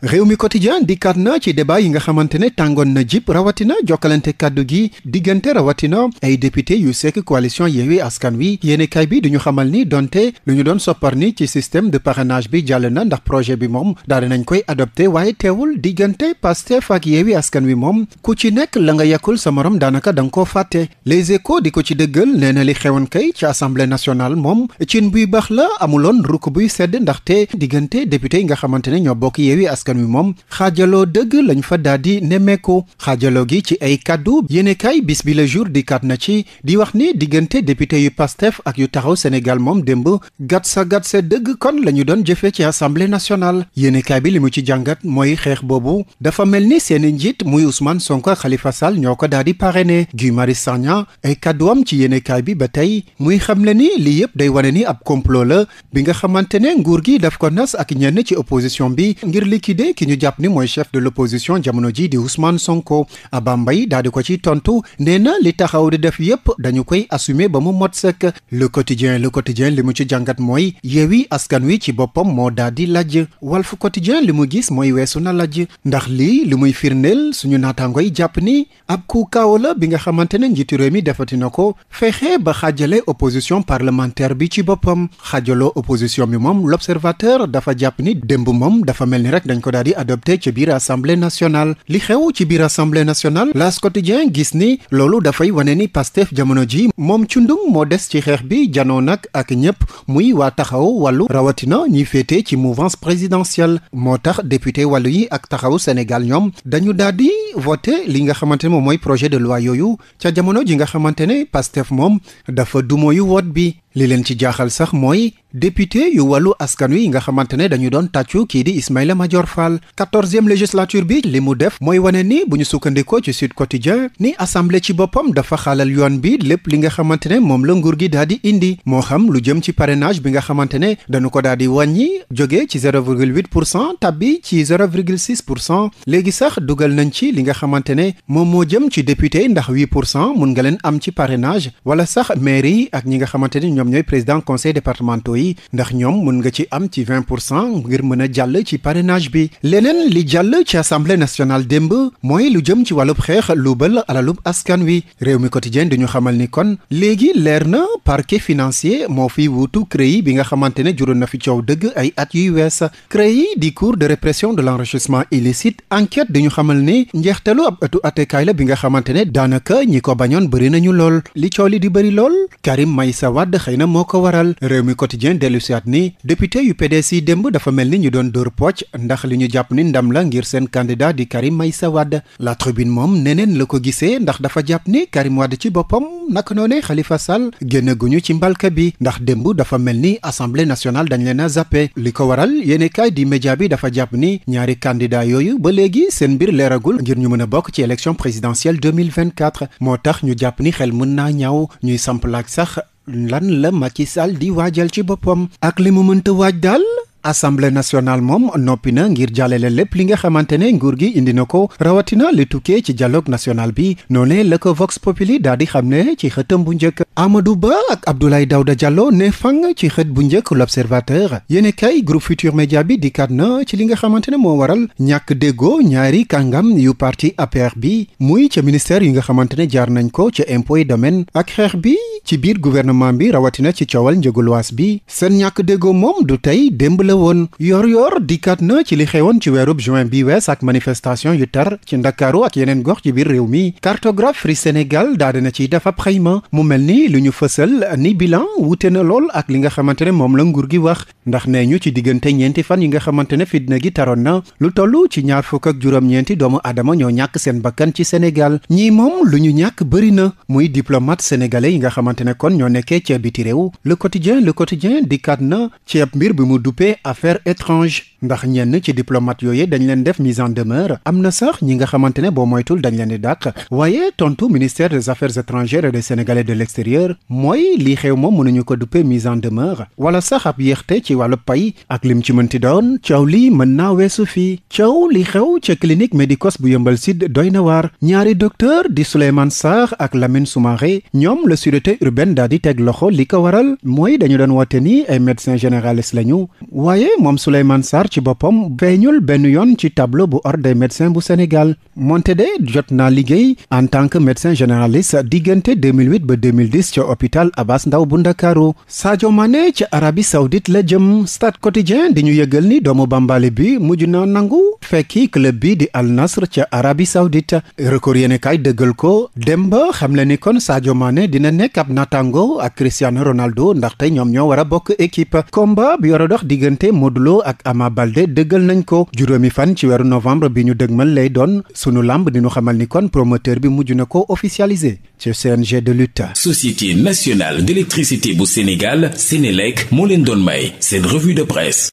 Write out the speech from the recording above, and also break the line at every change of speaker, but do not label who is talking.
réew mi quotidien dikkaat na ci débat yi nga xamante ne tàngoon na jip rawatina jokkalante kàddu gi diggante rawatina ay député yu sekk coalition Yewwi Askan Wi yéenekaay bi duñu xamal ni donte lu ñu doon soppar ni ci système de parenage bi jàll na ndax projet bi moom daal nañ koy adopté waaye teewul diggante Pastef ak Yewwi Askan Wi moom ku ci nekk la nga yekkul sa morom daanaka danga nga koo fàtte Les éco di ko ci dëggal nee na li xewoon kay ca assemblée nationale moom cin buy baax la amuloon rukk buy sedd ndaxte diggante député yi xamante ne ñoo bokk Yewwi Askan askan moom xaajaloo dëgg lañ fa daal di nemmeeku xaajaloo gi ci ay kàddu yéenekaay bis bi la jour di kat na ci di wax ni diggante député yu Pastef ak yu taxaw Sénégal moom démb gat sa gat sa dëgg kon la ñu doon jëfee ci assemblée nationale yéenekaay bi li mu ci jàngat mooy xeex boobu dafa mel ni seeni njiit muy Ousmane Sonko xalifa Khalifa ñoo ko daal di parrainé Guy Marius Sagna ay kàdduwam ci yéenekaay bi ba tey muy xam le ni lii yëpp day wane ni ab complot la bi nga xamante ne nguur gi daf ko bi Sidibé ki ñu jàpp ni mooy chef de l'opposition jamono ji di Ousmane Sonko Abba Mbaye daal di ko ci tontu nee na li taxaw di def yépp dañu koy assumer ba mu mot sëkk le quotidien le quotidien li mu ci jàngat mooy Yewwi askan wi ci boppam moo daal di lajj Walf quotidien li mu gis mooy weesu na lajj ndax lii li muy firndeel suñu naataango yi jàpp ni ab ku kaaw bi nga xamante ne njiitu réew mi defatina ko fexe ba xajale opposition parlementaire bi ci boppam xajaloo opposition bi moom l'observateur dafa jàpp ni démb moom dafa mel ni rek dañ ko ko daal di adopté ci biir assemblée nationale li xew ci biir assemblée nationale L'As Quotidien gis ni loolu dafay wane ni Pastef jamono ji moom cundum moo des ci xeex bi janoo nag ak ñëpp muy waa taxaw wallu rawatina ñi féete ci mouvance présidentielle moo tax député wàllu yi ak taxaw Sénégal ñoom dañu daal di voté li nga xamante ne moom mooy projet de loi yooyu ca jamono ji nga xamante ne moom dafa dumoyu woot bi li leen ci jaaxal sax mooy député yu wallu askan wi nga xamante ne dañu doon tàccu kii di Ismaïla Madior Fall quatorzième législature bi li mu def mooy wane ni bu ñu sukkandikoo ci Sud Quotidien ni assamble ci boppam dafa xaalal yoon bi lépp li nga xamante ne moom la nguur gi daal di indi moo xam lu jëm ci parrainage bi nga xamante ne dañu ko daal di wàññi jóge ci 0,8 pour cent tabbi ci 0,6 pour cent léegi sax dugal nañ ci li nga xamante ne moom moo jëm ci député ndax 8 pour cent mun nga leen am ci parrainage wala sax mairie ñi nga xamante ñoom ñooy président conseil départementaux yi ndax ñoom mën nga ci am ci 20 pour cent ngir mën a jàll ci parrainage bi leneen li jàll ci assemblée nationale démb mooy lu jëm ci wàllub xeex luubal alalub askan wi réew mi quotidien di ñu xamal ni kon léegi leer na parquet financier moo fiy wuutu CREI bi nga xamante ne juróon na fi coow dëgg ay at yuy wees CREI di cour de répression de l'enrichissement illicite enquête di ñu xamal ni njeextalu ab ëttu attekaay bi nga xamante ne daanaka ñi ko bañoon bëri nañu lool li bëri lool xëy na moo ko waral réew mi quotidien dellu siwaat ni député yu PDS yi démb dafa mel ni ñu doon dóor pooc ndax li ñu jàpp ni ndam la ngir seen candidat di Karim Meïssa Wade la tribune moom neneen la ko gisee ndax dafa jàpp ni Karim Wade ci boppam naka noone xalifa Sall génn ci mbalka bi ndax démb dafa mel ni assemblée nationale dañ leen a zappé li ko waral yéene kaay di média bi dafa jàpp ni ñaari candidat yooyu ba léegi seen mbir leeragul ngir ñu mën a bokk ci élection présidentielle 2024 moo tax ñu jàpp ni xel mën naa ñaaw ñuy samp sax lan la Macky Sall di waajal ci boppam ak li mu mënta waaj daal assemblée nationale moom noppi na ngir jàllale lépp li nga xamante ne nguur gi indi na ko rawatina li tukkee ci dialogue national bi noonee la ko Vox Populi daal di xam ne ci xëtam bu njëkk Amadou Ba ak Abdoulaye Daouda Diallo ne fang ci xët bu njëkk l'observateur yéene kay groupe Futur Média bi di dikkaat na ci li nga xamante ne moo waral ñàkk déggoo ñaari kàngam yu parti APR bi muy ca ministère yi nga xamante ne jaar nañ ko ca impôt et domaine ak xeex bi ci biir gouvernement bi rawatina ci coowal njëguluwaas bi woon yor-yor dikkaat na ci li xewoon ci weerub juin bi wees ak manifestation yu tar ci ndakaaru ak yeneen gox ci biir réew mi cartographe Free Sénégal daa dina ciy def xayma mu mel ni lu ñu fësal ni bilan wute na lool ak li nga xamante ne moom la nguur gi wax ndax nee ñu ci diggante ñeenti fan yi nga xamante ne fitna gi taroon na lu toll ci ñaar fukk ak juróom-ñeenti doomu aadama ñoo ñàkk seen bakkan ci Sénégal ñii moom lu ñu ñàkk bëri na muy diplomate sénégalais yi nga xamante ne ñoo nekkee ci biti ci ab affaire étranges ndax ñenn ci diplomate yooyu dañ leen def mise en demeure am na sax ñi nga xamante ne boo moytul dañu leen di dàq waaye tontu ministère des affaires étrangères et des sénégalais de l'extérieur mooy li xew moom mënuñu ko duppe mise en demeure wala sax ab yéexte ci wàllu pay ak lim ci mën ti doon coow lii mën naa weesu fii coow li xew ca clinique Medicos bu yëmbal sid doy na waar ñaari docteur di Souleymane Sarr ak Lamine Soumaré ñoom la sûreté urbaine daal di teg loxo li ko waral mooy dañu doon woote ni ay médecins généralistes lañu waaye moom Souleymane Sarr ci boppam feeñul benn yoon ci tableau bu ordre des médecins bu Sénégal moonte de jot naa liggéey en tant que médecin généraliste diggante 2008 ba 2010 ca hôpital Abass Ndao bu Ndakaaru Sadio Mané ca Arabie Saoudite la jëm Stade Quotidien di ñu yëgal ni doomu Bambali bi mujj na nangu fekki club bi di Al Nasr ca Arabie Saoudite record yéene kaay dëggal ko dem ba xam le ni kon Sadio Mané dina nekk ab natango ak Cristiano Ronaldo ndaxte ñoom ñoo a bokk équipe diggante Modou ak Ama balde dëggal nañ ko juróomi fan ci weeru novembre bi ñu dëgmal lay doon sunu làmb di ñu xamal ni kon promoteur bi mujj na ko officialisé ci CNG de lutte. Société nationale d'électricité bu Sénégal Sénélec moo leen doon may seen revue de presse.